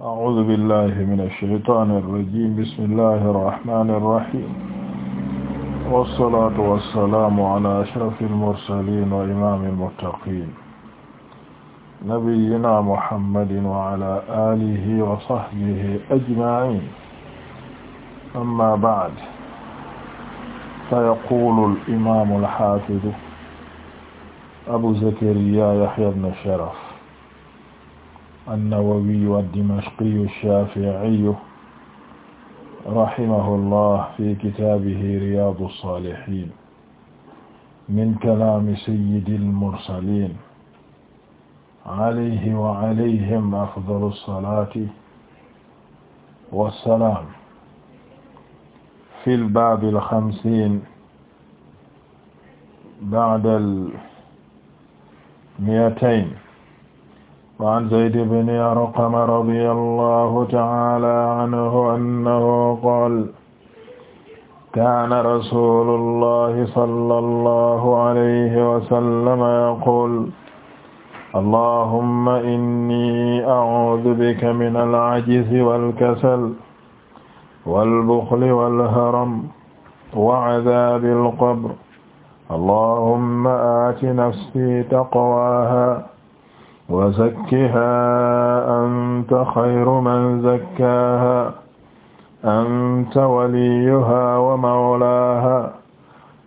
أعوذ بالله من الشيطان الرجيم بسم الله الرحمن الرحيم والصلاة والسلام على أشرف المرسلين وإمام المتقين نبينا محمد وعلى آله وصحبه أجمعين أما بعد فيقول الإمام الحافظ أبو زكريا يحيى بن شرف annawawiyu addimashqiyu shaafi'iyu rahimahullah fi kitaabihi riyaadu saalihiin min kalaami sayyidil mursaliin alayhi wa alayhim afdalu salaati wa salaam fil baabil xamsiin ba'dal mi'atayn waan zayd ibn arqam radiyallahu ta'ala anhu annahu qaala kaana rasuulullahi sallallahu alayhi wa sallam yaquulu allahumma inni a'uudu bika minal ajzi wal kasal wal buxli wal haram wa adhaabil qabr allahumma aati nafsii taqwaahaa wa zakkihaa anta xayru man zakkaahaa anta waliyyuhaa wa mawlaahaa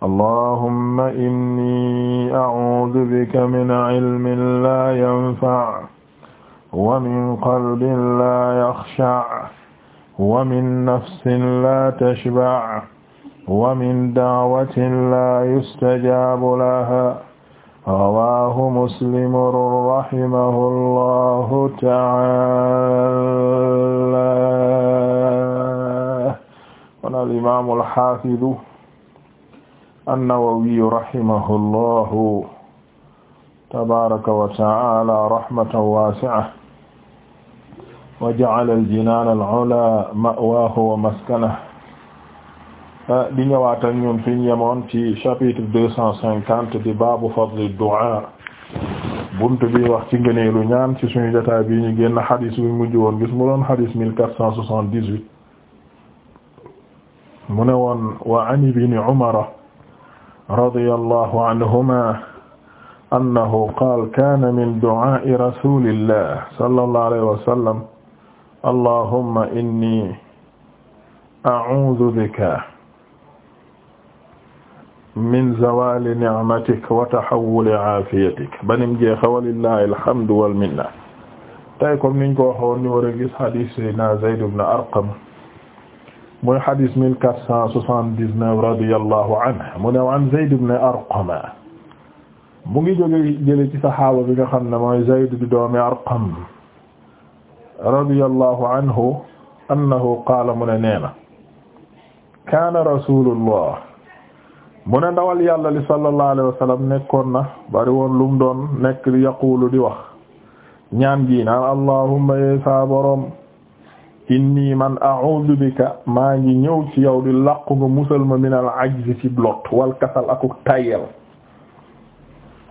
allahumma innii a'uudu bika min ilmin laa yanfac wa min qalbin laa yaxshac wa min nafsin laa tashbac wa min dacwatin laa yustajaabu lahaa rawaahu muslimun rahimahullahu ta'aala kon al-imaamu al-haafidu an-nawawiyyu rahimahullahu tabaaraka wa ta'aala rahmatan waasi'atan wa ja'ala al-jinaana al-'ulaa ma'waahu wa maskanahu Euh, di ñëwaat ak ñun fi ñu yemoon ci chapitre deux cent cinquante di baabu fadli du'a buntu bi wax ci ngëneelu ñaan ci suñu jotaay bi ñu génn xadis bi mujj woon gis mu doon xadis mille quatre cent soixante-dix-huit mu ne woon wa an ibni umara radiyallahu anhuma annahu qaala kaana min du'aa'i rasulillah sallallahu alayhi wa sallam allahumma inni a'uudu bika min zawali ni'matik wa tahawuli aafiyatik banim jeexe walillahi alhamdu wal minna tey comme niñ ko waxoon ñu war a gis hadis sayyidina Zayd ibn Arqam mooy hadis mille quatre cent soixante-dix-neuf radiyallahu anhu mu ne an Zayd ibn Arqam mu ngi jóge jële ci saxaaba bi nga xam ne mooy Zayd di doomi Arqam radiyallahu anhu annahu qaala mu ne nee na kaana rasulullah mu ne ndawal yàlla li sallallahu alayhi nekkoon na bari woon lu mu doon nekk yaqulu di wax ñaan gi naan allahumma yee saa boroom inni man a'udhu bika maa ngi ñëw ci yow di làqu nga musal ma min al ajzi ci lot wal kasal akuk tayel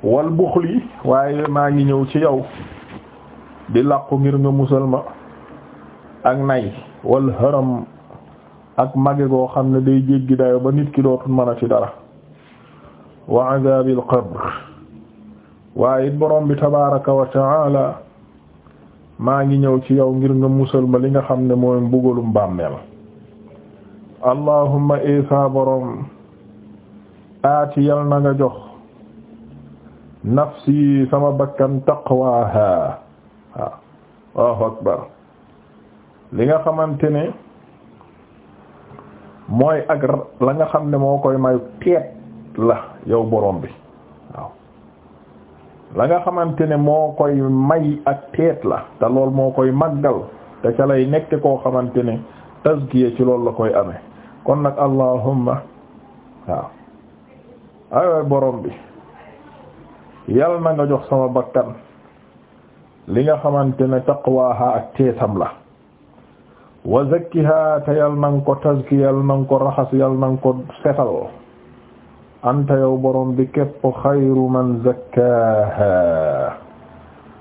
wal buxli waaye maa ngi ñëw ci yow di làqu ngir nga musal ma ak nay wal haram ak mage goo xam ne day jéggi dayo ba nit ki dootul mën a ci dara wa adaabil waaye it borom bi tabaaraka wa ta'ala maa ngi ñëw ci yow ngir nga musal ma li nga xam ne mooy mbugalum bàmmeel allahumma isa e borom aati yal na nga jox nafsi sama bakkan taqwaha waaw Allahu akbar li nga xamante ne mooy ak la nga xam ne moo koy may teet la yow boroom bi waaw la nga xamante ne moo koy may ak teet la te lool moo koy màggal te ca lay nekk koo xamante ne tazkiya ci loolu la koy ame kon nag allahumma waaw aywa boroom bi yal na nga jox sama bakkan li nga xamante ne taqwaha ak teetam la wa zakkiha te yal na nga ko tazkiya yal na nga ko raxas yal na nga ko setal anta yow borom bi képp xayru man zakkaaha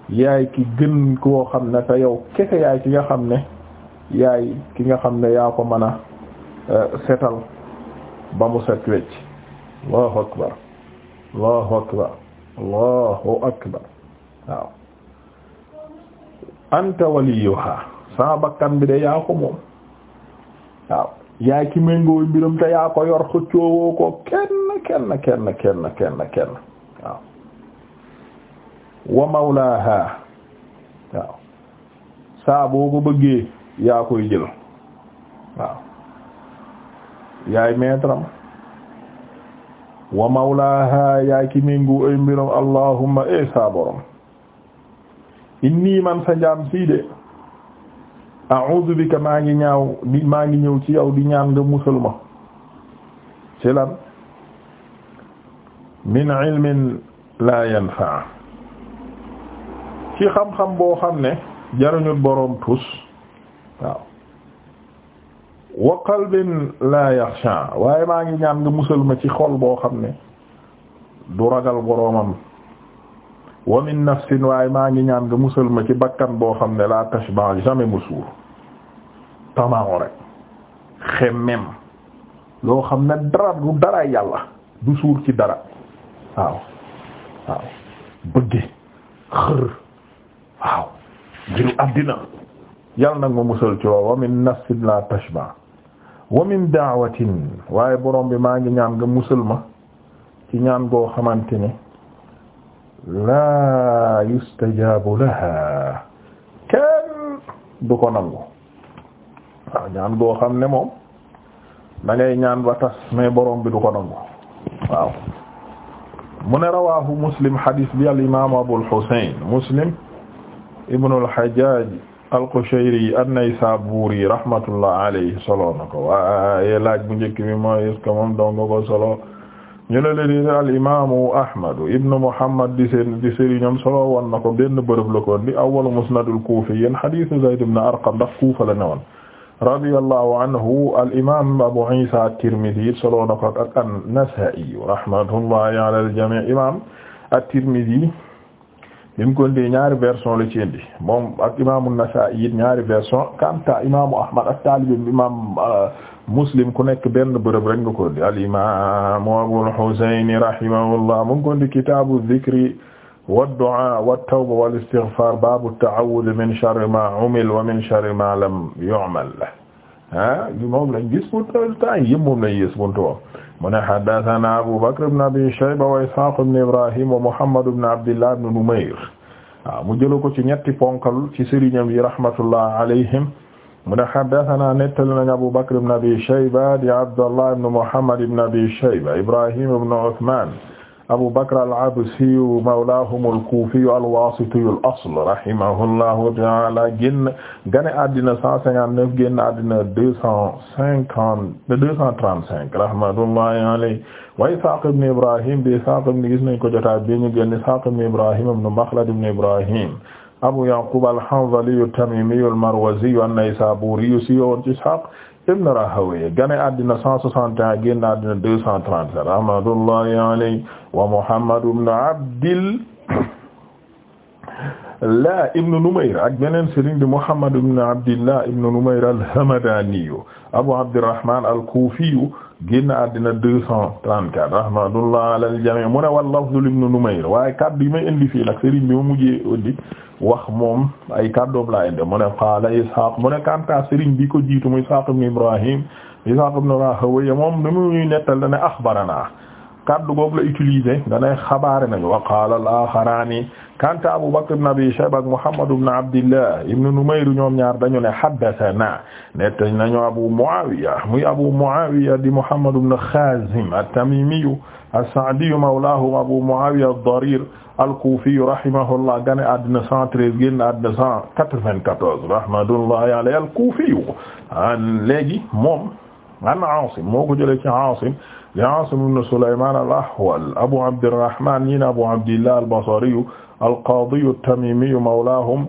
yaay ki gën koo xam ne te yow kese yaay ki nga xam ne yaay ki nga xam ne yaa ko mën a euh, setal ba mu set wecc allahu akbar allahu akbar allahu akbar waaw anta waliyuha sa bakkan bi de yaa ko moom waaw yaay ki méngooy mbiram te yaa ko yor xëccoowoo ko kenn kenn kenn kenn waaw wa mawlaha waaw saa boo ko bëggee yaa koy jël waaw yaay maîtram wa mawlaha yaay ki méngooy mbiram allahumma e saa borom inni man sa sii de a'udhu bika maa ngi ñaaw maa ngi ñëw ci yow di ñaan nga musal ma ci lan min ilmin la yanfa ci xam-xam boo xam ne jariñul boroom tus waaw wa qalbin la yaxsha waaye maa ngi ñaan nga musal ma ci xol boo xam ne du ragal boroomam wa waaye maa ngi ñaan nga musal ma ci bakkan boo xam ne la tashba jamais mu suur tamaaw rek xemmem loo xam ne dara du dara yàlla du suur ci dara waaw waaw bëgge xër waaw jiru àddina yàlla nag ma musal ci lool wa min nafsin la tashba wa min da'watin waaye borom bi maa ngi ñaan nga musal ma ci ñaan goo xamante ne laa yustajaabu laha kenn du ko nangu waaw ñaan boo xam ne moom da ngay ñaan ba tas mais borom bi du ko nangu waaw mu ne rawahu muslim hadis bi al imam abul husayn muslim ibnu al hajjaj al qushayri an-naysaburi rahmatullah alayhi solo na ko waaye laaj bu njëkk bi mooy est-ce que moom donga ko solo ñu ne leen di al imaamu Ahmad ibn Muhammad di seen solo woon ko benn bërëb la ko di awwalu musnadul kuufiyyiin hadiisu Zayd ibn Arqam ndax Kuufa la newoon. radiyallahu anhu al imaam Abu Iisa at-Tirmidhi solo na ko ak an rahmatullahi al-jamii' imaam at-Tirmidhi bi mu ko indee ñaari version la ci muslim ku nekk benn bërëb rek nga ko di al imam abul husayn rahimahullah mu ngi ko di kitaabu dhikri wad-du'a wat-tawba wal-istighfar babu at-ta'awudh min sharri ma umil wa min sharri ma lam yu'mal ah moom lañ gis pour temps yëpp moom lañ gis buntu moom mu ne haddathana Abu Bakr ibn Abi Shayba wa Ishaq ibn Ibrahim wa Muhammad ibn Abdillah ibn Numayr waaw mu jëla ko ci ñetti ponkal ci sëriñam yi rahmatullah alayhim mu ne haddathana nettali nañ Abu Bakr ibn Abi Shayba di Abdullah ibn Muhammad ibn Abi Shayba Ibrahim ibn Uthman Abu Bakr al-Absi mawlahum al-Kufi al-Wasiti al-asl rahimahullahu ta'ala génn gane àddina 159 génn àddina 250 235 rahmatullahi alayhi wa Ishaq ibn Ibrahim bi Ishaq ibn gis nañ ko jotaay bi ñu génn Ishaq ibn Ibrahim ibn Makhlad ibn Ibrahim abu yaqub al-hanzali at-tamimi al-marwazi an-naysaburi si yowoon ci ishaq ibn rahawayh gane addina 161 génn addina 237 rahmatullahi alayhi wa muhammad ibn abdil la ibn numayr ak beneen sëriñ di muhammad ibn abdillah ibn numayr al-hamadani abu abdurrahman al-kufi génn àddina deux cent trente-quatre rahmatullah ala al-jami' mu ne wal lafdu ibn waaye kaddu yi may indi fii nag Serigne bi ma mujjee indi wax moom ay kaddoom laa indi mu ne qaala Ishaq mu ne kanta Serigne bi ko jiitu muy Ishaq ibn Ibrahim Ishaq ibn Rahawayh moom ni muy nettal ne axbarana kaddu boobu la utilisé nga ne xabaare nañu wa qaala al-aaxaraani kanta Abu Bakr ibn Abi Shayba ak Muhammad ibn Abdillah ibn Numayr ñoom ñaar dañu ne haddasanaa nettali nañu Abu Mu'aawiya muy Abu Mu'aawiya di Muhammad ibn Xaazim at-Tamiimiyu as-Sa'diyu mawlaahum Abu Mu'aawiya ad-Dariir al-Kuufiyu rahimahullah gane àddina 113 génn àddina 194 rahmatullahi alayhi al-Kuufiyu léegi moom an Aasim moo ko jëlee ci Aasim di Aasim ibn Sulaymaan al-Ahwal Abu Abdirrahmaan ñi na Abu Abdillah al-Basriyu al-Qaadiyu at-Tamiimiyu mawlaahum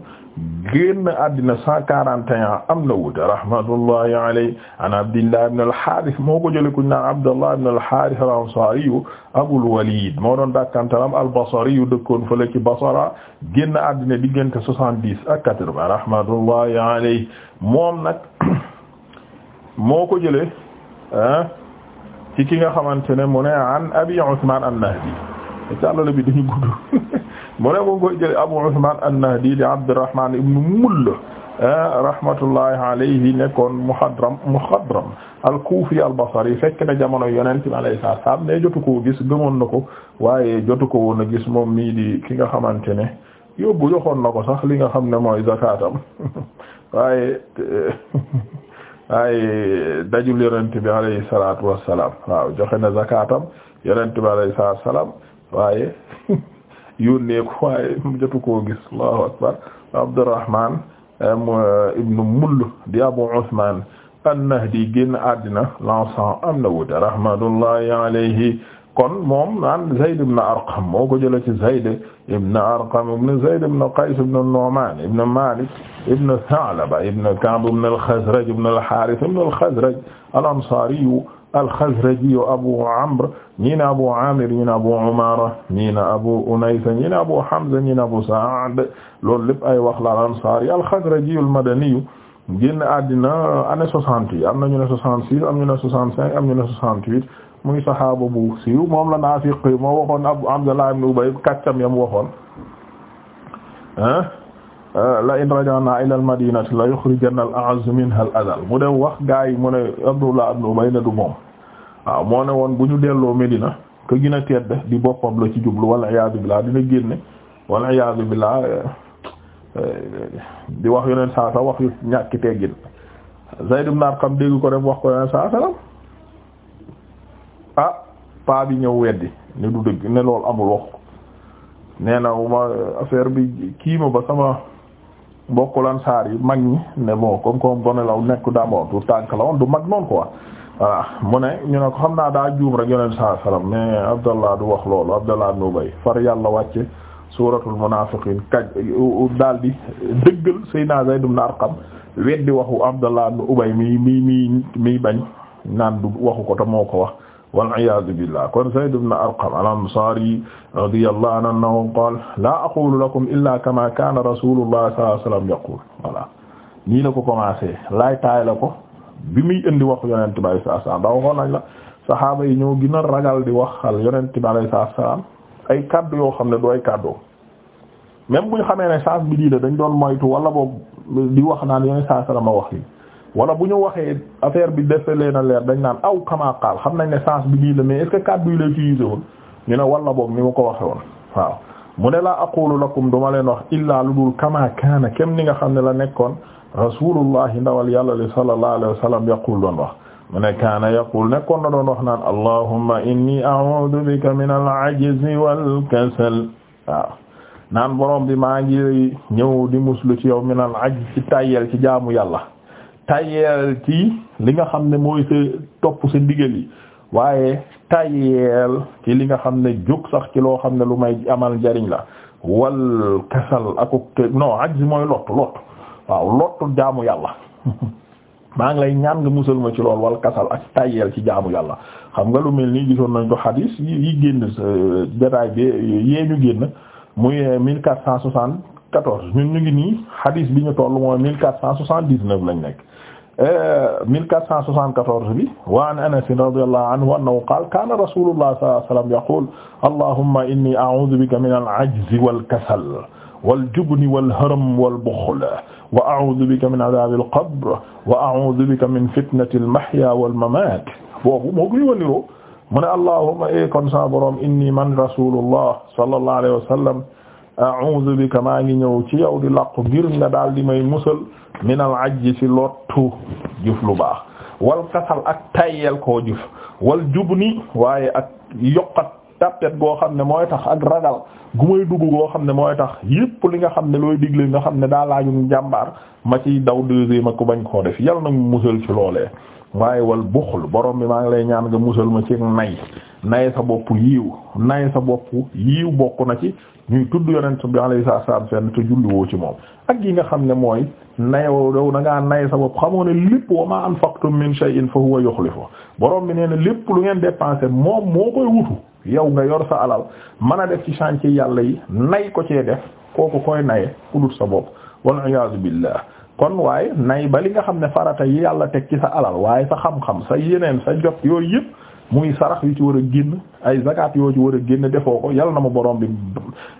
génn àddina 141 am na wuute rahmatullahi alayhi an Abdillah ibn al-Haarith moo ko jëlee ku ñu naan Abdallah ibn al-Haarith al-Ansaariyu Abul Waliid moo doon dàkkantalam al-Basriyu dëkkoon fële ci Basra génn àddina diggante 70 ak 80 rahmatullahi alayhi moom nag moo ko jëlee ah. ci ki nga xamante ne mu ne an abi Usman an-Nahdi càllale bi dañu gudd mu ne mu koy jële Abu Usman an-Nahdi di Abdurrahman ibn Mull ah, rahmatullahi alayhi nekkoon muhadram muhadram al-Kufi al-Basri fekk na jamono yonent bi alayhi salaam ne jotu koo gis gëmoon na ko waaye jotu ko woon a gis moom mii di ki nga xamante ne yóbbu joxoon na ko sax li nga xam ne mooy zakatam waaye ay dajul yonent bi alayhi salaatu wassalaam waaw joxe na zakaatam yonent bi alayhi salaatu wassalaam waaye yónnee ko waaye jotu koo gis allahu akbar Abdurrahman ibnu Mull di Abu Usman an-Nahdi génn àddina l'an cent am na wuute rahmatullahi alayhi kon moom an Zayd ibn Arqam moo ko jëlee ci Zayd ibn Arqam ibn Zayd ibn Qays ibn Nu'man ibn Malik ibn Tha'laba ibn Ka'b ibn al-Khazraj ibn al-Harith ibn al-Khazraj al-Ansari al-Khazraji Abu Amr ñii na Abu Amir ñii na Abu Umara ñii na Abu Unaysa ñii na Abu Hamza ñii na Abu Sa'd loolu lépp ay wax la al-Ansari al-Khazraji al-Madani génn àddina année soixante yi am nañu ne soixante six am ñu ne soixante cinq am ñu ne soixante huit muy saxaaba bu siiw moom la naafiq yi moo waxoon Abu Abdullah ibn Ubay kàccam yam waxoon euh, la in raja'na madinati la yukhrijanna al a'azzu minha al mu dem wax gaa yi mu ne Abdullah ibn Ubay ne du moom waaw moo ne woon bu ñu delloo Medina ke gën a tedd di boppam la ci jublu wal iyaadu billah dina génne wal iyaadu billah euh, euh, di wax yeneen saa sa wax yu ñàkki teggin Zayd ibn Arqam dégg ko dem wax ko yeneen saa ah paa bi ñëw weddi ne du dëgg ne loolu amul wax nee na ma affaire bi kii ba sama mbokku lansaar yi mag ñi ne bon comme comme gone law nekk daa ma tout tànk la woon du mag noonu quoi voilà mu ne ñu ne ko xam naa daa juum rek yoneen mais Abdallah du wax loolu Abdallah ibn Ubay far yàlla wàcce suuratul munaafiqiin kaj daal di dëggal Seydina Zayd ibn Arqam weddi waxu Abdallah ibn Ubay mi mi mi bañ naan du waxu ko te moo ko wax. waliyaadu billah kon Zayd ibn Arqam al-Ansaari radiyallahu anhu qaala laa aqulu lakum illaa kamaa kaana rasuulullahi sallallahu alayhi wa sallam yaquulu nii la ko commencé laay taay la ko bi muy indi wax Yonent bi sallallahu alayhi wa sallam waxoon nañ saxaaba yi ñoo gën a ragal di waxal Yonent bi sallallahu alayhi ay kaddu yoo xam ne du ay kaddu même bu ñu xamee ne saaf bi di la dañ doon moytu wala boobu di wax naan Yonent sallallahu alayhi wa wax lii. wala bu ñu waxee affaire bi dese leen a leer dañ naan aw kama qaal xam nañ ne sens bi nii la mais est-ce que kàddu yi la utilisé woon ñu ne wala ni mu ko waxe woon waaw mu ne laa aqulu lakum duma leen wax illaa lu dul kama kaana kem ni nga xam ne la nekkoon rasulullahi ndawal yàlla li sallallahu alayhi wa sallam yaqul doon wax mu ne kaana yaqul nekkoon na doon wax naan allahumma inni a'udhu bika min al-'ajzi wal-kasal naan borom bi maa ngi ñëw di muslu ci yow min al-'ajzi ci tàyyel ci jaamu yàlla tayeel ci li nga xam ne mooy sa topp sa ndigal yi waaye tayeel ci li nga xam ne jóg sax ci loo xam ne lu may amal njariñ la wal kasal akuk te non ajj mooy lottu lottu waaw lottu jaamu yàlla maa ngi lay ñaan nga musal ma ci lool wal kasal ak tayeel ci jaamu yàlla xam nga lu mel nii gisoon nañ ko xadiis yi génn euh, jotaay bi yee ñu génn muy euh, mille quatre cent soixante 14 ñun ñu ngi nii hadis bi ñu toll mooy 1479 lañ nekk 1474 euh, bi wa an Anas radiyallahu anhu annahu qaala kaana rasulullah sallallahu alayhi wa sallam yaqul allahumma inni a'udhu bika min al-'ajzi wal-kasal waljubni walharam walbuxl wa a'uudu bika min adaabil qabr wa a'uudu bika min fitnatil mahyaa wal mamaat boobu moo ko yowaliroo mu ne allahumma eh kon sa borom inni man rasulullah sallallahu alayhi wa sallam a'uuzu bika maa ngi ñëw ci yow di laqu ngir nga daal di may musal minal ajji ci lottu jëf lu baax wal kasal ak tayyel koo jëf wal jubni waaye ak yokkat tappet goo xam ne mooy tax ak ragal gu may dugg goo xam ne mooy tax yépp li nga xam ne looy digle nga xam ne daa laajum jàmbaar ma ci daw ma ku bañ koo def yal na mu musal ci loolee waaye wal buxul borom bi maa ngi lay ñaan nga musal ma ci nay nay sa bopp yiiw nay sa bopp yiiw bokk na ci ñuy tudd yonent bi alayhi salaam seen te julliwoo ci moom ak yi nga xam ne mooy nayoo yow da ngaa nay sa bopp xamoo ne lépp wa ma anfaqtum min shay'in fa huwa yukhlifu borom bi nee na lépp lu ngeen dépensé moom moo koy wutu yow nga yor sa alal mën a def ci chantier yàlla yi nay ko cee def kooku koy naye ku sa bopp wal iyaazu billah kon waaye nay ba li nga xam ne farata yi yàlla teg ci sa alal waaye sa xam-xam sa yeneen sa jot yooyu yëpp. muy sarax yu ci war a génn ay zakat yoo ci war a génn defoo ko yal na ma borom bi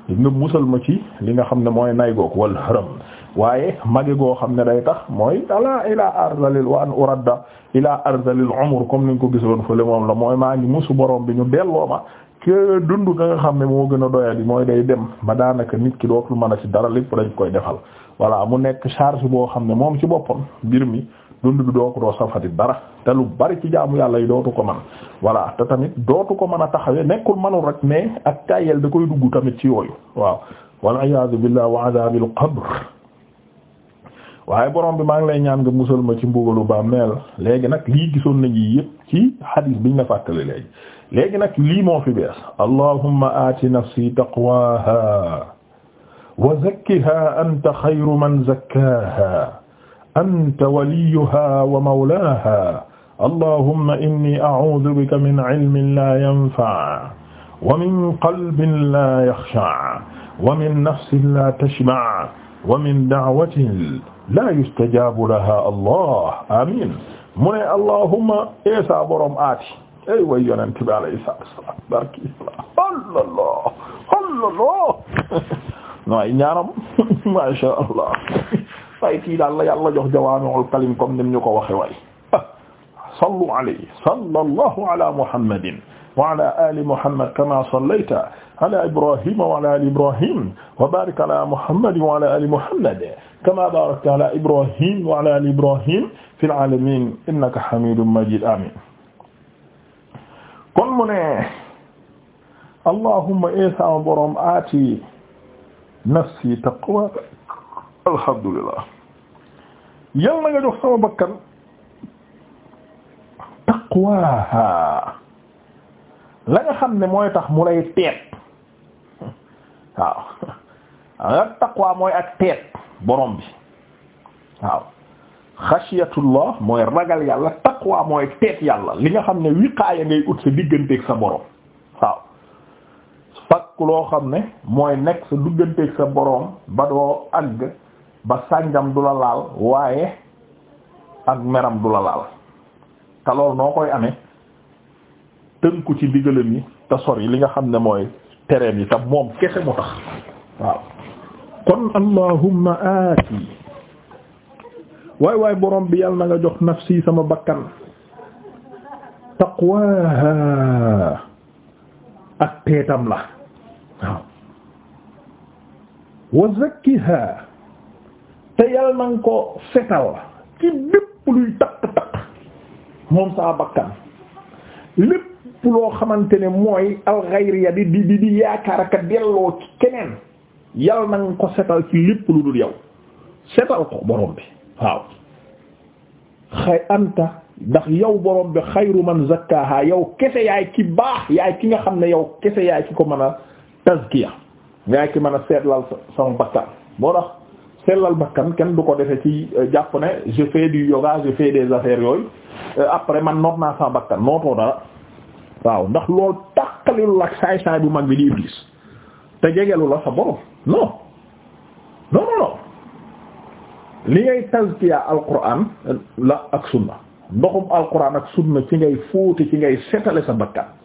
nga musal ma ci li nga xam ne mooy nay goog wal haram waaye mage goo xam ne day tax mooy ala ila arzalil wa an uradda ila arzalil umur comme ni nga ko gisoon fële moom la mooy maa ngi musu borom bi ñu delloo ma ke dund nga nga xam ne moo gën a doyadi mooy day dem ba daanaka nit ki dootul mën a ci dara lépp dañ koy defal voilà mu nekk charge boo xam ne moom ci boppam mbir mi dund bi doo ko doo safati dara bari ci jaamu yàlla yi dootu ko mën voilà te tamit dootu ko mën a taxawee nekkul manul rek mais ak tayel koy dugg tamit ci yooyu waaw wal iyaadu billah wa adaabil qabr waaye borom bi maa ngi lay ñaan nga musal ma ci mbugalu bàmmeel léegi nag lii gisoon nañu yëpp ci hadis biñ la fàttali léegi léegi nag lii moo fi bees allahumma aati nafsi taqwaha wa zakkiha anta xayru man zakkaha anta waliyuha wa mawlaha allahumma inni a'uudu bika min ilmin la yanfa wa min qalbin la yaxsha wa min nafsin la tashba wa min da'watin la yustajabu laha allah amin mu ne allahumma eesa borom aati ay e way yonent bi alayhi salaam barki allah allah allah ñaaram ma sha allah waaye kii daal la yàlla jox jawaami'ul kalim comme ni ñu ko waxe waay sallu alayhi sallallahu ala muhammadin wa ala ali muhammad kama sallayta ala ibrahima wa ala ali ibrahim wa barik ala muhammadin wa ala ali muhammad kama barakta ala ibrahim wa ala ali ibrahim fil alamin innaka hamidun majid amin kon mu ne allahumma eesa eh borom aati nafsi taqwa alhamdulillah yal na nga jox sama bakkan taqwaaha la nga xam ne mooy tax mu lay teet waaw ak taqwa mooy ak teet borom bi waaw xasiyatullah mooy ragal yàlla taqwa mooy teet yàlla li nga xam ne wiqaaya ngay ut sa digganteeg sa borom waaw fakk loo xam ne mooy nekk sa digganteeg sa borom ba doo àgg ba sànjam du la laal waaye ak meram du la laal te noo koy amee tënku ci ndigalam yi te sori li nga xam ne mooy tereem yi te moom kese mu tax waaw kon allahumma aati waay waay borom bi yàlla na nga jox nafsi sama bakkan taqwaha ak teetam la waaw wa te yal na ko setal ci lépp luy takk-takk moom saa bakkan lépp loo xamante ne mooy alxayriya di di di yaakaar ak delloo ci keneen yal na ko setal ci lépp lu dul yow setal ko borom bi waaw xay anta ndax yow borom bi xayru man zakkaha yow kese yaay ki baax yaay ki nga xam ne yow kese yaay ki ko mën a tazkiya yaay ki mën a seetlal sa sama bakkan moo tax sellal bakkan kenn du ko defe ci euh, jàpp ne je fais du yoga je fais des affaires yooyu euh, après man noot naa sa bakkan nootoo dara waaw ndax loolu tàqalilu ak saay saay bu mag bi di iblis te jegelu la sa borom non non non non li ngay tazkiya alquran la ak sunna ndoxum alquran ak sunna ci ngay fóote ci ngay setale sa bakkan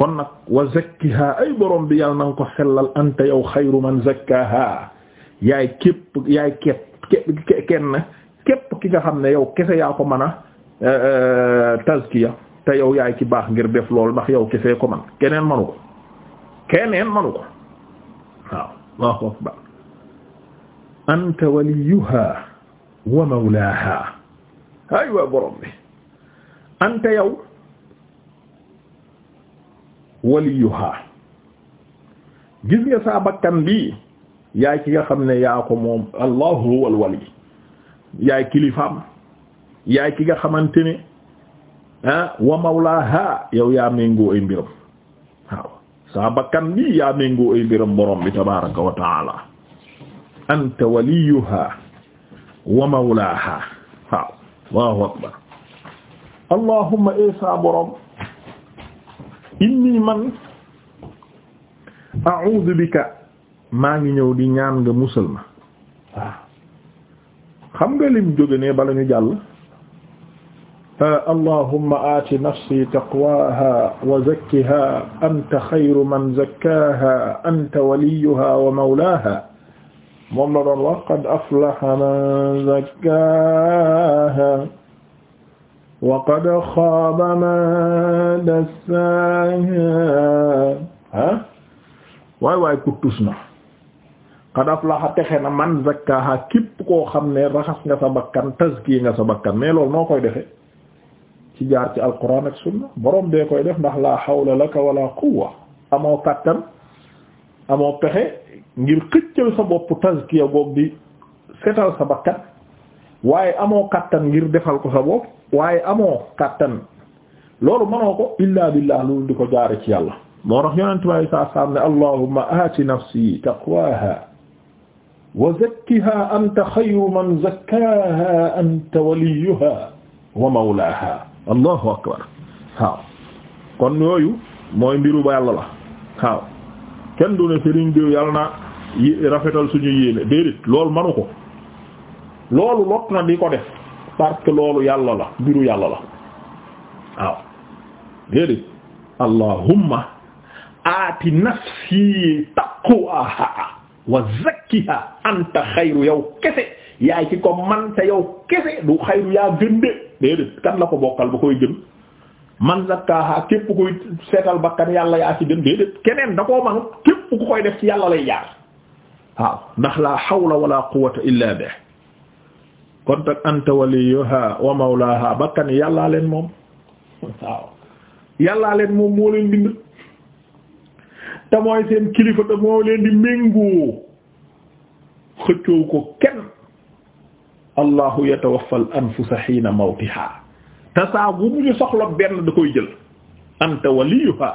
kon nag wa zakkiha ay borom bi yàlla na ko sellal anta yow xayru man zakkaha yaay képp yaay képp kenn képp ki nga xam ne yow kese yaa ko mën a euh, euh, tazkiya te yow yaay ci baax ngir def loolu ndax yow kesee ko man keneen manu ko keneen manu ko waaw Allahu akbar anta waliyuha wa mawlaha ay borom bi anta yow waliyuha gis nga sa bakkan yaay ki nga xam ne yaa ko moom allahu huwal wali yaay kilifaam yaay ki nga xamante ne ah wa mawlaha yow yaa méngoo ay mbiram waaw saa bakkan bi yaa méngoo ay mbiram borom bi tabaraka wa taala anta waliyuha wa mawlaha waaw allahu akbar allahumma isa eh, borom inni man a'udhu bika maa ngi ñëw di ñaan nga musal ma waaw ah. xam nga lim jóge ne bala ñu jàll allahumma aati nafsi taqwaha wa zakkiha anta xayru man zakkaha anta waliyuha wa mawlaha moom la doon wax qad aflaha man zakkaha wa qad xaaba man dassaha ah waay waay ku tus na qad aflaha texe na man zakkaha képp koo xam ne raxas nga sa bakkan tazki nga sa bakkan mais loolu noo koy defe ci jaar ci alquran ak sunna borom bee koy def ndax la hawla laka wala quwwa amoo kàttan amoo pexe ngir xëccal sa bopp tazkiya boobu di setal sa bakkan waaye amoo kàttan ngir defal ko sa bopp waaye amoo kàttan loolu mënoo ko illa billah loolu di ko jaare ci yàlla moo tax yonent bi sallallahu alayhi ne allahumma aati nafsi taqwaha wa zakkiha anta man zakkaaha anta waliyuha wa mawlaaha allahu akbar waaw kon yooyu mooy mbiru ba yàlla la waaw kenn du ne sëriñ na rafetal suñu yéene déedéet loolu manu ko loolu lot di ko def parce loolu yàlla la mbiru yàlla la waaw allahumma aati nafsi taqwaha wa zakkiha anta xayru yow kese yaay ci ko man te yow kese du xayru yaa gën de déedéet kan la ko bokkal ba koy gën man zakkaha képp kuy seetal bakkan yàlla yaa ci gën déedéet keneen da koo manut képp ku koy def ci yàlla lay jaar ndax la xawla wala quwwata illa bih kon anta waliyuha wa mawlaha bakkan yàllaa leen moom waaw yàllaa leen moom moo leen bind te mooy seen kilifa te moo leen di méngoo xëccoo ko kenn allahu yatawaffa al anfusa xiina mawtiha te saa bu ñu soxla benn da koy jël anta waliyuha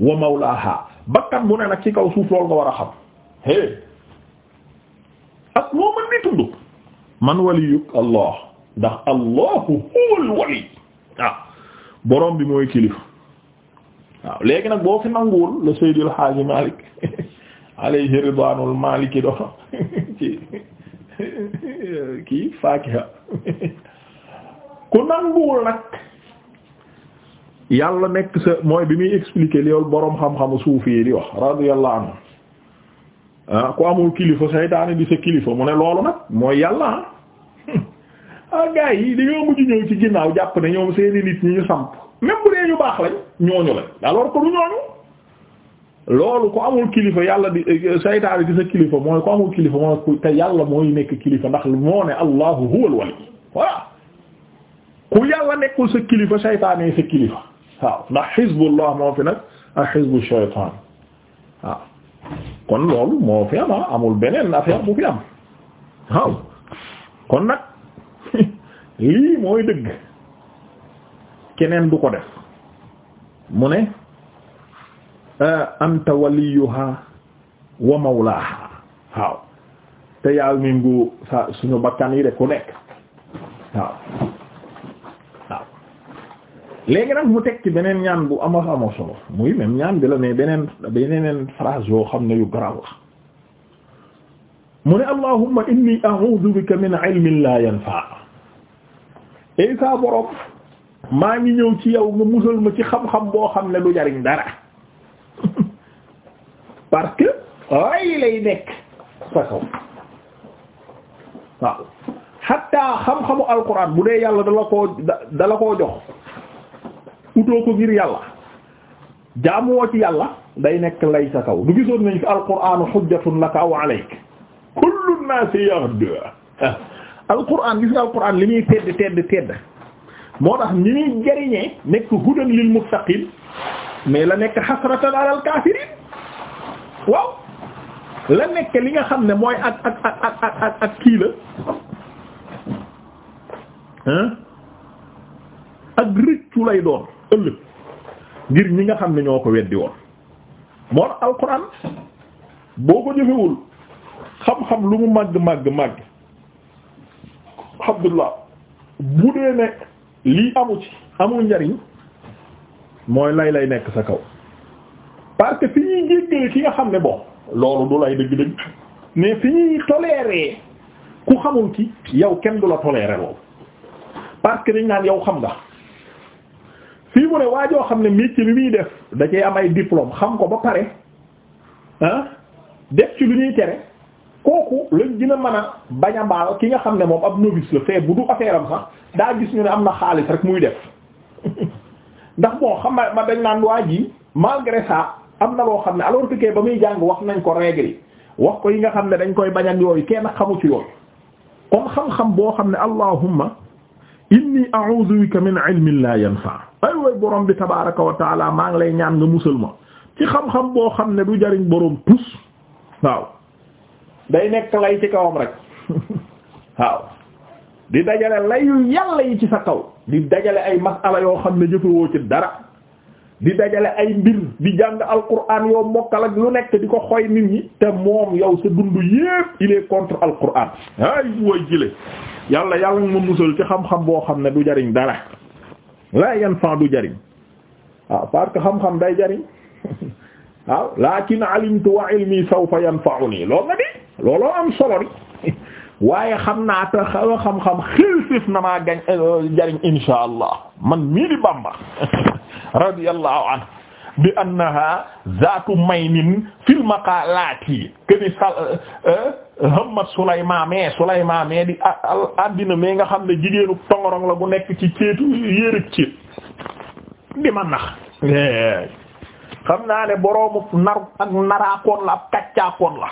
wa mawlaha bakkan bu ne nag ci kaw suuf loolu nga war a xam é ak moo mën ni tudd man waliyuk allah ndax allahu huwal wali ah borom bi mooy kilifa waaw léegi nag boo fi nanguwul le Seydil Hadji Malick alayhi ridwanul maliki do ci kii ku nanguwul nag yàlla nekk sa mooy bi muy expliquer loolu boroom xam-xamu suufi di wax radiyallahu anhu ah ku amul kilifa saytaane di sa kilifa mu ne loolu nag mooy yàlla ah gars yi dañoo mujj ñëw ci ginnaaw jàpp ne ñoom seeni nit ñi ñu samp même bu dee ñu baax lañ ñooñu la alors que du ñooñu loolu ko amul kilifa yàlla bi eh, eh, saytaane sa kilifa mooy ko amul kilifa mooy te yàlla mooy nekk kilifa ndax moo ne allahu huwal ku yàlla nekkul sa kilifa saytaane sa kilifa waaw ndax xizbullah moo fi nag ak xizbu shaytaan waaw kon loolu moo fi am ah, amul beneen affaire bu fi am waaw kon nag lii mooy dëgg keneen du ko def mu ne anta waliyuha wa mawlaha waaw te yaal mi suñu bakkan yi de ku nekk waaw waaw léegi nag mu teg ci beneen ñaan bu ama ama solo muy même ñaan bi la mais beneen beneen phrase yoo xam ne yu garaaw mu ne allahumma inni a'udhu bika min ilmin la yanfa ay sa borom maa ngi ñëw ci yow nga musal ma ci xam-xam boo xam ne lu jariñ dara parce que ay lay nekk sa kaw waaw xatta xam-xamu alquran bu dee yàlla dala koo dala koo jox utoo ko ngir yàlla jaamuwoo ci yàlla day nekk lay sa kaw du gisoon nañ fi alquranu hujjatun laka aw alayk kullu an-nas yaghdu alquran gis nga li muy tedd tedd tedd moo tax ñi ñuy jariñee nekk hudan lil muttaqin mais la nekk xasratan alal kaafiriin waaw la nekk li nga xam ne mooy ak ak ak ak ak kii la ak rëccu lay doon ëllëg ngir ñi nga xam ne ñoo ko weddi woon moo tax alquran boo ko jëfewul xam-xam lu mu màgg màgg màgg alhamdulillah bu dee ne lii amu ci amul njariñ mooy lay lay nekk sa kaw parce que fi ñuy jéggale ki nga xam ne bon loolu du lay dëgg-dëgg mais fi ñuy tolérer ku xamul ki yow kenn du la tolérer loolu parce que dañ naan yow xam nga fii mu ne waa joo xam ne métier bi muy def da am ay diplôme xam ko ba pare ah def ci lu ñuy tere. kooku lañ gën a mën a bañ a mbaal ki nga xam ne moom ab novice la fee bu du affaire am sax daa gis ñu ne am na xaalis rek muy def ndax bon xam ma dañ naan waa ji malgré ça am na loo xam ne alors que ba muy jàng wax nañ ko règle yi wax ko yi nga xam ne dañ koy bañ ak yooyu kenn xamu ci yooyu kon xam-xam boo xam ne allahumma inni a'udhu bika min ilmin la yanfa ay way borom bi tabaraka wa maa ngi lay ñaan nga musal ma ci xam-xam boo xam ne du jariñ borom tus day nekk lay ci kawam rek waaw di dajale layu yàlla yi ci sa kaw di dajale ay masala yoo xam ne jëfewoo ci dara di dajale ay mbir di jàng alquran yoo mokkal ak lu nekk di ko xooy nit ñi te moom yow sa dund yépp il est contre alquran ay wooy jile yàlla yàlla nga musal ci xam-xam boo xam ne du jariñ dara la yan fan du jariñ waaw ah, parce xam-xam day jariñ waaw lakin alimtu wa ilmi sawfa yanfa'uni loolu na di looloo am solo ni waaye xam naa te xam-xam xiilsif na maa gañ euh, jariñ insha allah man mii di Bamba radiyallahu anhu bi annaha zaatu maynin fil maqalaati keni sal euh, euh, hammat Sulaymaan mais Sulaymaan mais di addina mais nga xam ne jigéenu tongorong la gu nekk ci ceetu yérëg ceet di ma nax xam naa ne boroomu naru ak naraakoon la ab kaccaakoon la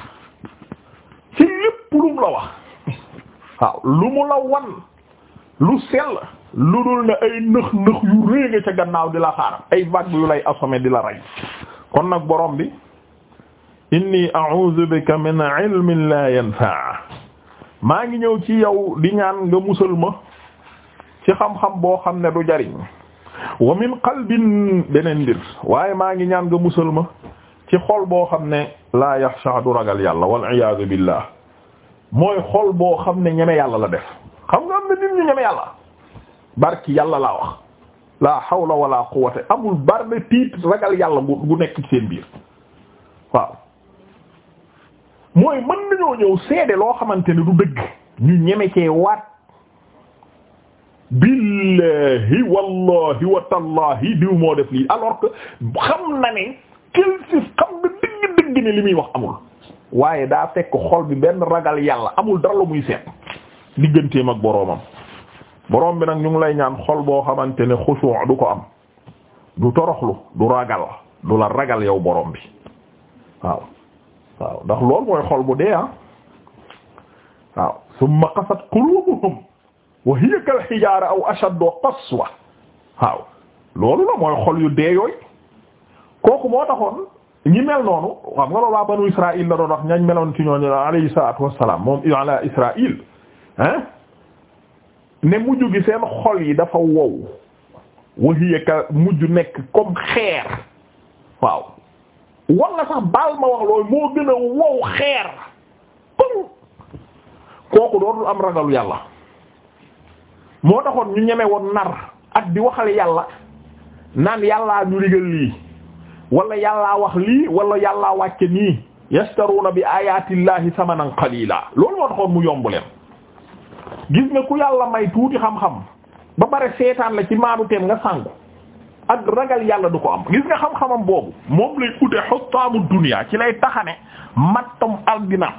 ci lépp lu mu la wax waaw lu mu la wan lu sell lu dul ne ay nëx nëx yu rëy nga ca gannaaw di la xaar ay vagues yu lay assommer di la rey kon nag borom bi inni a'udhu bika min ilmin la yanfa' maa ngi ñëw ci yow di ñaan nga musal ci xam-xam boo xam ne du jariñ wa min qalbin beneen mbir waaye maa ngi ñaan nga musal ci xol boo xam ne laa yaxsha du ragal yàlla wal iyaadu billah mooy xol boo xam ne ñeme yàlla la def xam nga am na nit ñu ñeme yàlla barki yàlla laa wax laa hawla wala quwwata amul bar tiit ragal yàlla gu nekk ci seen biir waaw mooy mën nañoo ñëw seede loo xamante ne du dëgg ñu ñeme cee waat billahi wallahi wa tallahi diw moo def lii alors xam na ne kilsif xam nga digg digg ne li muy wax amul waaye daa fekk xol bi benn ragal yàlla amul dara la muy seet digganteem ak boroomam boroom bi nag ñu ngi lay ñaan xol boo xamante ne xusuu du ko am du toroxlu du ragal du la ragal yow boroom bi waaw waaw ndax loolu mooy xol bu dee ah waaw summa qasat qulubuhum wa hiya kal hijaara aw ashaddu qaswa waaw loolu la mooy xol yu dee kooku moo taxoon ñi mel noonu xam nga loolu waa banu doon wax ñañ meloon ci ñooñu alayhi salaatu wassalaam moom ala Israaïl hein ne mujj gi seen xol yi dafa wow wahiya ka mujj nekk comme xeer waaw walla sax baal ma wax loolu moo gën a wow xeer comme kooku dootul am ragalu yàlla moo taxoon ñu ñeme woon nar ak di waxal yàlla naan yàllaa ñu liggéey lii wala yàlla wax lii wala yàllaa wàcce nii yashtaruna bi ayatillahi samanan qalila loolu moo taxoon mu yomb gis nga ku yàlla may tuuti xam-xam ba pare seetaan la ci maadu teem nga sànku ak ragal yàlla du ko am gis nga xam-xamam boobu moom lay ute xottaamu dunia ci lay taxane mattam aldina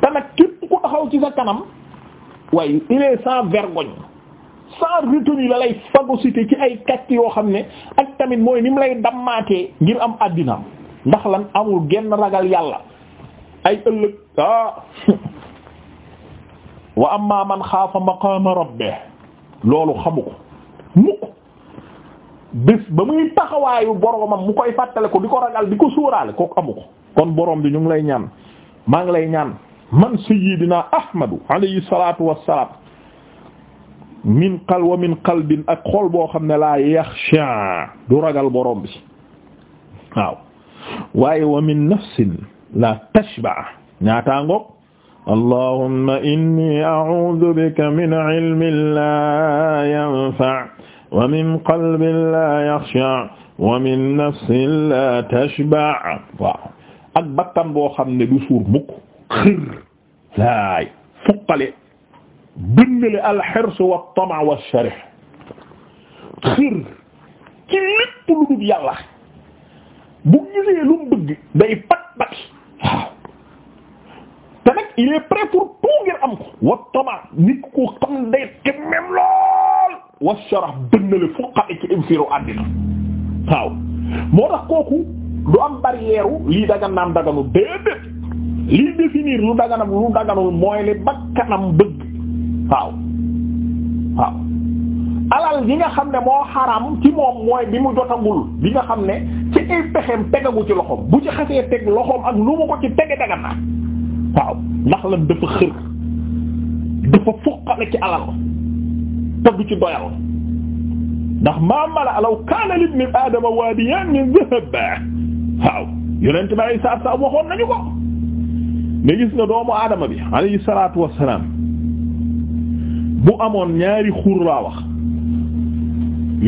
te nag képp ku taxaw ci sa kanam waaye il est sans sans retenue la lay phagocyté ci ay kàcc yoo xam ne ak tamit mooy ni mu lay dammaatee ngir am àddinaam ndax lan amul genn ragal yàlla ay ëllëg ah wa amma man xaafa maqama rabbih loolu xamu ko mukk bés ba muy taxawaayu boromam mu koy fàttale ko di ko ragal di ko suuraale kooku amu ko kon boroom bi ñu ngi lay ñaan maa ngi lay ñaan man sayyidina ahmadu alayhi salatu wassalam min qal wa min qalbin ak xol boo xam ne laa yaxsha du ragal borom bi waaw waaye wa min nafsin la tashba ñaataa ngoog allahumma inni a'udhu bika min ilmin la yanfa wa min qalbin la yaxsha wa min nafsin la tashba waaw ak bakkan boo xam ne du suur mukk xir laay fuqale bindale alxirs wa tama wa sharih xir ci lu dul yàlla bu gisee lu mu day pat pat waaw te nag il est am wa tama nit ko xam day lool wa sharih bindale fuqa ci infiru àddina waaw moo tax kooku du am barrière lii dagan naam daganu déedéet lii définir lu daganam lu daganul mooy li bakkanam bëgg waaw waaw alal yi nga xam ne moo xaram ci moom mooy bi mu jotagul bi nga xam ne ci ay pexeem tegagu ci loxoom bu ci xasee teg loxoom ak lu mu ko ci tege daga na waaw ndax lan dafa xër dafa fuqale ci alal te du ci doyal ndax ma mala law kaana libni aadama waadiyan min dhahab waaw yonent bi saa saa waxoon nañu ko mais gis nga doomu aadama bi alayhi salaatu wassalaam bu amoon ñaari xur laa wax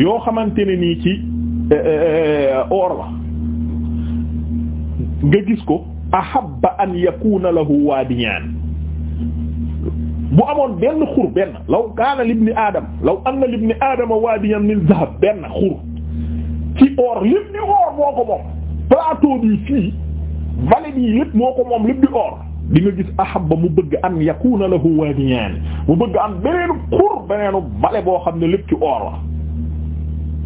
yoo xamante ne nii ci eh, eh, eh, or la nga gis ko ahabba an yakuna lahu waadiyan bu amoon benn xur benn law kaana libni adam law anna libni adama waadiyan min zahab benn xur ci or lépp di or moo ko moom plateau bi fii vallée bi lépp moo ko moom lépp di or di nga gis ahabba mu bëgg an yakuna lahu wadiyan mu bëgg am beneenu xur beneenu bale boo xam ne lépp ci oor la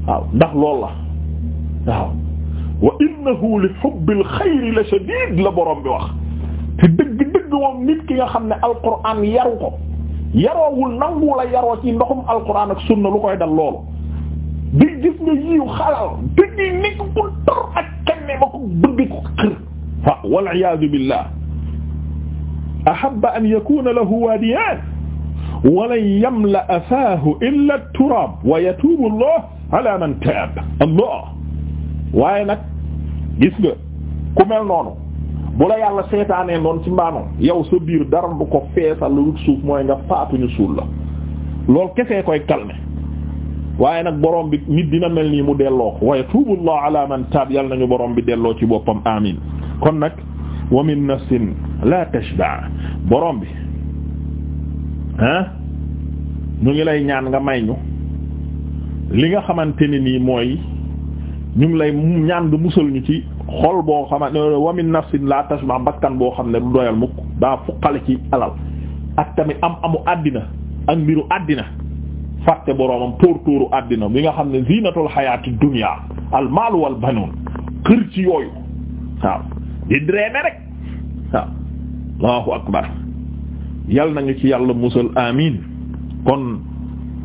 waaw ndax loolu wa innahu li hubbil xayri la shadid la borom bi wax te dëgg-dëgg moom nit ki nga xam ne alquran yaru ko yaroowul nangu la yaroo ci ndoxum alquran ak sunna lu koy dal loolu di gis nga yiw xalal dëgg nekk ko tor ak kenn ba ko bëgg ko xër wal iyaadu billah ahabba an yakuna lahu waadiyaan wala yamla afaahu illa turaab man taab allah waaye nag gis nga ku mel bu yàlla seetaanee noonu ci mbaanoon yow sa biir dara du ko feesal lu suuf mooy nga faatuñu suul la loolu kesee koy calmer waaye nag borom bi nit dina mel nii mu delloo ko wa yatuubu allah ala man taab yàlla nañu borom bi delloo ci boppam amin kon wa min nafsin la tashba borom bi ah ñu ngi lay ñaan nga may ñu li nga xamante ni nii mooy ñu ngi lay ñaan nga musal ñu ci xol boo xamante ne wa min nafsin la tashba bakkan boo xam ne du doyal mukk daa fuqale ci alal ak tamit am amu àddina ak mbiru àddina fàtte boroomam tóor-tóoru àddina bi nga xam ne zinatul xayaati dunya al maal wal banuun ci yooyu waaw di rek waaw akbar yal nañu ci yàlla musal amin kon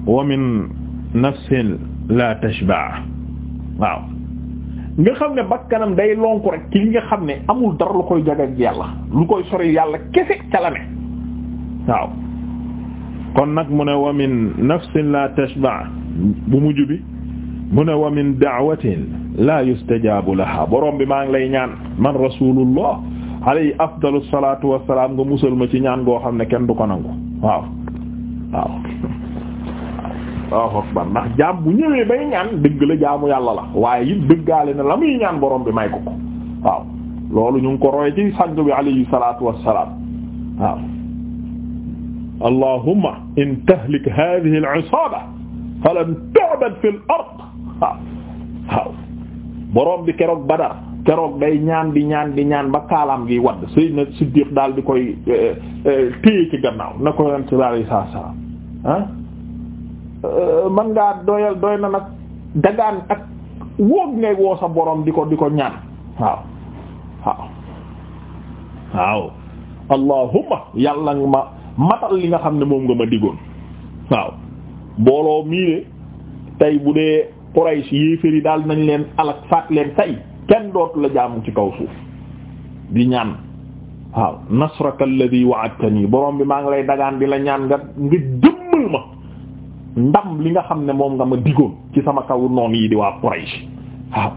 wa min nafsin la tashba nga xam ne bakkanam day lonku rek ci nga xam ne amul dara lu koy jaga yàlla lu koy sori yàlla kese ca la kon nag mu ne wa min nafsin la tashba bu mujj bi mu ne wa min da'watin la yustajabu laha borom bi maa ngi lay ñaan man rasulullah alayhi afdalu salatu wasalaam nga musal ma ci ñaan goo xam ne kenn du ko nangu waaw waaw waaw akbar ndax jaam bu ñëwee bay ñaan dëgg la jaamu yàlla la waaye it dëggaale na la muy ñaan borom bi may ko ko waaw loolu ñu ngi ko roy ci sang bi alayhi salatu wasalaam waaw allahumma in tahlik hadhihi al-isaba falan tu'bad fil ard waaw waaw boroom bi keroog Badar keroog day ñaan di ñaan di ñaan ba kaalaam gi wadd Seydina Siddiq daal di koy eh, eh, téye ci gannaaw na ko yonent bi alayhi ah, eh, doyal doy na nag dagaan ak woog ngay woo sa borom di ko di ko ñaan waaw waaw waaw allahumma yàlla nga ma matal li nga xam ne moom nga ma digoon waaw mbooloo mii tey bu dee Quraysh yéeféer yi daal nañ leen alak faat leen tey kenn dootu la jaamu ci kaw suuf di ñaan waaw nasraka alladhi wa'adtani borom bi maa ngi lay dagaan di la ñaan nga nga dëmmal li nga xam ne moom nga ma digoon ci sama kaw noon yi di waa Quraysh waaw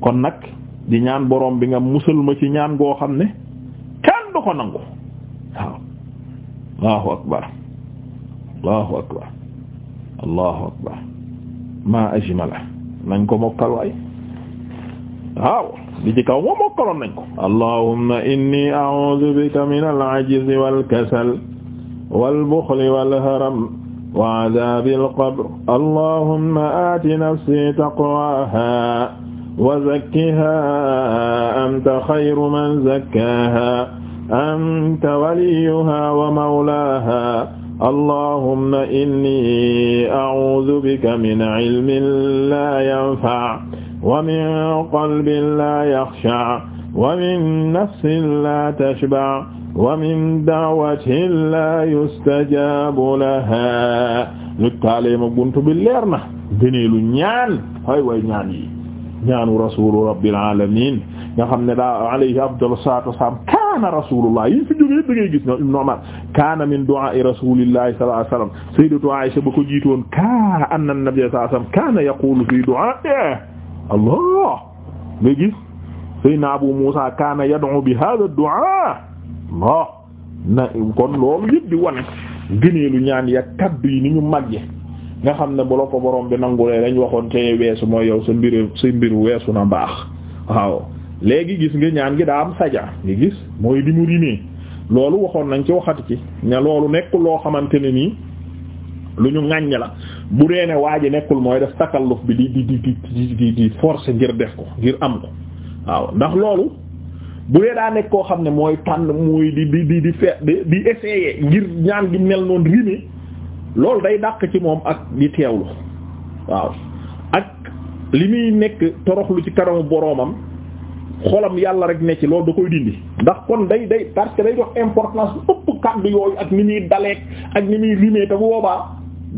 kon nag di ñaan borom bi nga musal ma ci ñaan goo xam ne kenn du ko nangu waaw allahu akbar allahu akbar allahu akbar maa ajmala nañ ko mokkal waay waaw li ci kaw moom mokkaloon nañ ko allahumma inni a'udhu bika min al-'ajz wal-kasal wal-bukhl wal-haram wa 'adhabi al-qabr allahumma aati nafsi taqwaha wa zakkiha anta khayru man zakkaha anta waliyuha wa mawlaha allahumma inni a'uudu bika min ilmin laa yanfa' wa min qalbin laa yakhsha' wa min nafsin laa tashba' wa min da'watin laa yustajabu lahaa lëkkaalee ma bunt bi leer na gëneelu ñaan hay way ñaan yi ñaanu rasulu rabbil alamin nga xam ne daa alayhi afdalu salaatu wa salaam kaana rasulullah yi fi jógee da ngay gis ñoom Ibn Umar kaana min du'aa'i rasulillahi sallallahu alayhi wasallam sayyidatu Aisha ba ko jiitoon kaa anna nabiyya sallallahu alayhi wasallam kaana yaqulu fi du'aa'ihi allah nga gis sayyidina Abu Musa kaana yad'u bi hadha ad-du'aa allah na kon loolu yëpp di wane gëneelu ñaan ya kaddu yi ni ñu màgge nga xam ne bu la ko borom bi nangulee lañ waxoon te weesu mooy yow sa mbir sa mbir weesu na mbaax waaw léegi gis nga ñaan gi daa am saja nga gis mooy di mu rimee loolu waxoon nañ ci waxati ci ne loolu nekkul loo xamante ne nii lu ñu ŋàññ la bu dee ne waa ji nekkul mooy def takalluf bi di di di di di force ngir def ko ngir am ko waaw ndax loolu bu dee daa nekk koo xam ne mooy tànn muy di di di fe di essayer ngir ñaan gi mel noon rimee loolu day dàq ci moom ak di teewlu waaw ak li muy nekk toroxlu ci kanamu boroomam. xolam yàlla rek ne ci loolu da koy dindi ndax kon day day parce que day dox importance ëpp kàddu yooyu ak ni muy daleek ak ni muy rimee te bu boobaa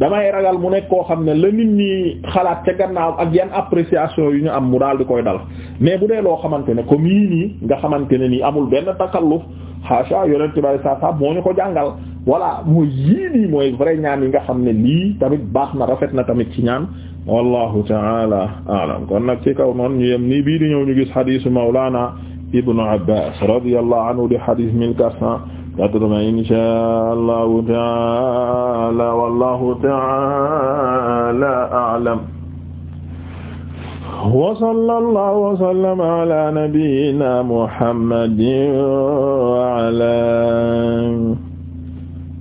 damay ragal mu nekk koo xam ne la nit ñi xalaat ca gannaaw ak yan appréciation yu ñu am mu daal di koy dal mais bu dee loo xamante ne comme yii nii nga xamante ne nii amul benn takalluf xaasa yonent bari saa saa moo ñu ko jàngal voilà mooy yii nii mooy vrai ñaan yi nga xam ne lii tamit baax na rafet na tamit ci ñaan wallahu taala aalam kon nag ci kaw noonu ñu yem nii bii di ñëw ñu gis hadisu mawlana ibnu abbas radiyallahu anhu di hadis mille quatre cent quatre-vingts insha allahu taala wallahu taala aalam wa sallallahu wa sallama ala nabiyyina muhammadin wa ala